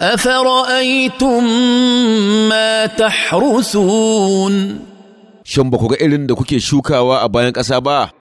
أفرأيتم ما تحرثون Shin ba ku ga irin da kuke shukawa a bayan ƙasa ba?